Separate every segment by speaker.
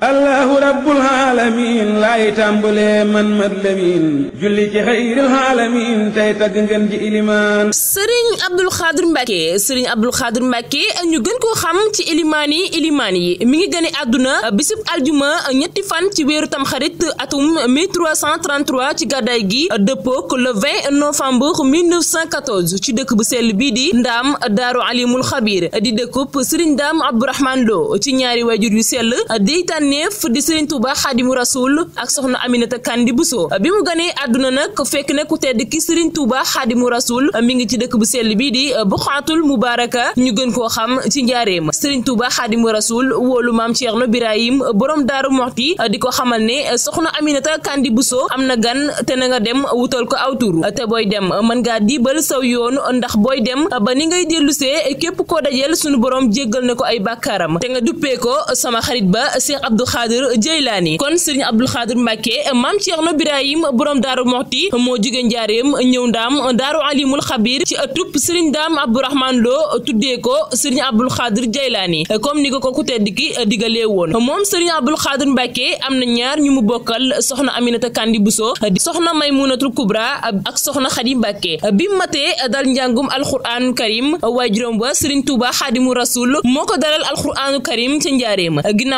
Speaker 1: allahu rabbul alamin man mat lamin julli ci xayril alamin tey tagg ngeen ji sëriñ abdul xaadir mbàkke ñu gën koo xam ci ilimaan yi ilimaan yi mi ngi gane àdduna bisub aljuma ñetti fan ci wéeru tamxarit atum 1333 ci gàddaay gi dëppook le 20 novembre 1914 ci dëkk bu sell bii di ndaam daaru alimul xabir di dëkkub sëriñ ndaam abdourahman lo ci ñaari waajur yu sell deytaan tànneef di Serigne Touba Xaadimu Rasul ak soxna Aminata Kandi Bousso bi mu ganee àdduna nag fekk na ku tedd ki Serigne Touba Xaadimu Rasul mi ngi ci dëkk bu sell bi di Buxaatul Mubaaraka ñu gën koo xam ci njaareem Serigne Touba Xaadimu Rasul wóolu maam Thierno Birahim boroom Daaru Moxti di ko xamal ne soxna Aminata bu Bousso am na gan te na nga dem wutal ko aw tur te booy dem mën ngaa diibal saw yoon ndax booy dem ba ni ngay dellusee képp koo dajeel sunu borom jéggal na ko ay ba Abdou Khadir Jeylaani kon sëriñ Abdou Khadir Mbàkke maam Ceerno Birahim borom daaru Moxti moo jóge njaareem ñëw ndaam daaru alimul xabir ci ëttub sëriñ daam Abdourahman Lo tuddee ko sëriñ Abdou Khadir Jeylaani comme ni ko ko ku tedd ki digalee woon moom sëriñ Abdou Khadir Mbàkke am na ñaar ñu mu bokkal soxna Aminata Kandi Bousso soxna Maymunatul Kubra ak soxna Xadi Mbàkke bi matee dal njàngum alxuraanu karim waajuram ba sëriñ Tuuba Xaadimu Rasul moo ko dalal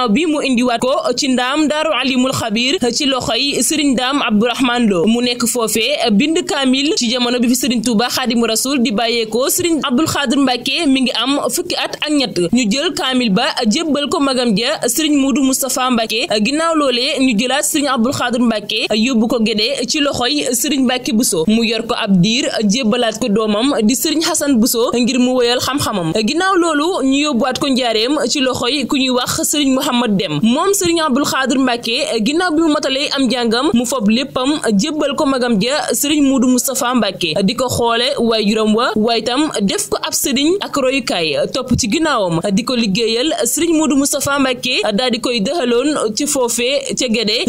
Speaker 1: a indiwaat ko ci ndaam daaru alimul xabiir ci loxoy sëriñ daam abdourahman lo mu nekk foofee bind kaamil ci jamono bi fi sëriñ tuuba xaadimu rasul di bàyyeekoo sëriñ abdul xaadir mbàkke mi ngi am fukki at ak ñett ñu jël kaamil ba jébbal ko magam ja sëriñ muudu moustapha mbàkke ginnaaw loolee ñu jëlaat sëriñ abdul xaadir mbàkke yóbbu ko gédee ci loxoy sëriñ mbàkke buso mu yor ko ab diir jébbalaat ko doomam di sëriñ xasan buso ngir mu woyal xam-xamam ginnaaw loolu ñu yóbbuwaat ko njaareem ci loxoy ku ñuy wax sëriñ muhammad dem moom sëriñ Abdul Xaadir Mbàkke ginnaaw bi mu motalee am jàngam mu fob léppam jébbal ko magam ja sëriñ Muudu Moustapha Mbàkke di ko xoole waay juróom wa waaye tam def ko ab sëriñ ak royukaay topp ci ginnaawam di ko liggéeyal sëriñ Muudu Moustapha Mbàkke daal di koy dëxaloon ci foofee ca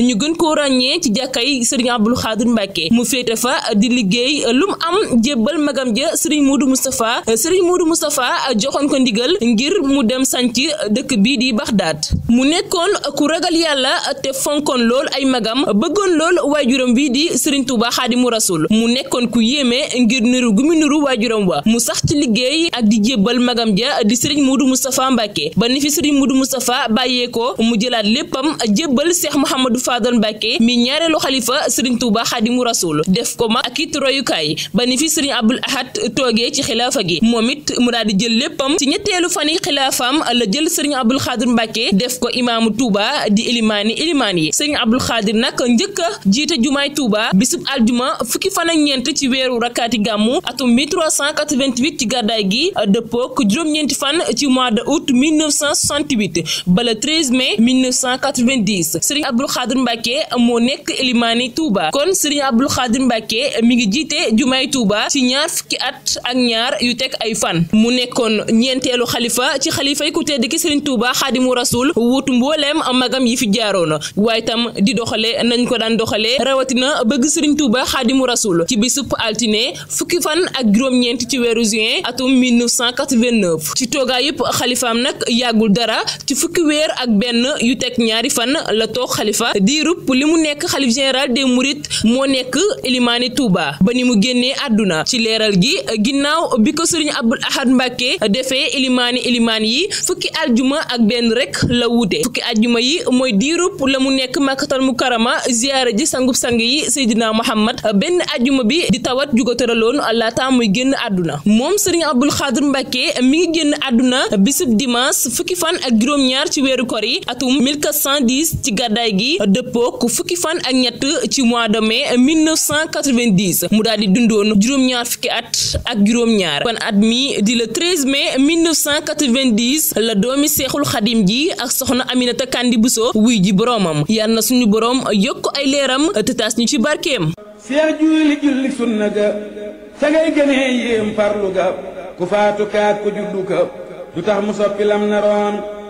Speaker 1: ñu gën koo ràññee ci jàkkay sëriñ Abdul Xaadir Mbàkke mu féete fa di liggéey lu mu am jébbal magam ja sëriñ Muudu Moustapha sëriñ Muudu Moustapha joxoon ko ndigal ngir mu dem sanc dëkk bi di Baxdaad mu nekkoon doonoon ku ragal yàlla te fonkoon lool ay magam bëggoon lool waajuram wi di Serigne Touba Xaadimu Rasul mu nekkoon ku yéeme ngir niru gu mu niru waajuram wa mu sax ci liggéey ak di jébbal magam ja di Serigne Modou Moustapha Mbacké ba ni fi Serigne Modou Moustapha bàyyee ko mu jëlaat léppam jébbal seex Mouhamadou Fadal Mbacké mi ñaareelu xalifa Serigne Touba Xaadimu Rasul def ko ma ak it royukaay ba ni fi Serigne Abdoul Ahad toogee ci xilaafa gi moom it mu daal di jël léppam ci ñetteelu fani Touba di ilimaani ilimaan yi sëriñ Abdou Khadir nag njëkk a jiite jumaay Touba bisub aljuma fukki fan ak ñeent ci weeru rakkaati gàmmu atum 1388 ci gàddaay gi euh, dëppook juróom-ñeenti fan ci mois de août 1968 ba le 13 mai 1990 sëriñ Abdou Khadir Mbacke moo nekk ilimaani Touba kon sëriñ Abdou Khadir Mbacke mi ngi jiite jumaay Touba ci ñaar fukki at ak ñaar yu teg ay fan mu nekkoon ñeenteelu xalifa ci xalifa ku tedd ki sëriñ Touba Xaadimu Rasul wuutu mboolem mboolem magam yi fi jaaroona waaye tam di doxalee nañ ko daan doxalee rawatina bëgg Serigne Touba Xaadimu Rasul ci bisub altine fukki fan ak juróom ñeenti ci weeru juin atum 1989 ci toogaay yëpp xalifaam nag yàggul dara ci fukki weer ak benn yu teg ñaari fan la toog xalifa diirub li mu nekk xalif général de Mourides moo nekk Elimaani Touba ba ni mu génnee àdduna ci leeral gi ginnaaw bi ko Serigne Abdoul Ahad Mbacke defee Elimaani Elimaani yi fukki aljuma ak benn ajjuma yi mooy mu nekk màkkatal mu karama ziyaara ji sangub sang yi Seydina Muhammad benn ajjuma bi di tawat ju ko tëraloon laata muy génn àdduna moom Serigne Abdou Khadre Mbacké mi ngi génn àdduna bisub dimanche fukki fan ak juróom-ñaar weeru kor yi atum 1410 ci gàddaay gi dëppook fukki fan ak ñett ci mois de mai 1990 mu daal di dundoon juróom-ñaar fukki at ak juróom-ñaar kon at mi di le 13 mai 1990 la doomi Seexul Xadim ji ak soxna Aminata Kandi Bousso wuy ji boroomam yal na suñu boroom yokk ay leeram a taas ñu ci barkeem seex julli julli sunna ga sa ngay gënee yéem farlu ku faatu kaat ku juddu du tax mu soppi lam naroon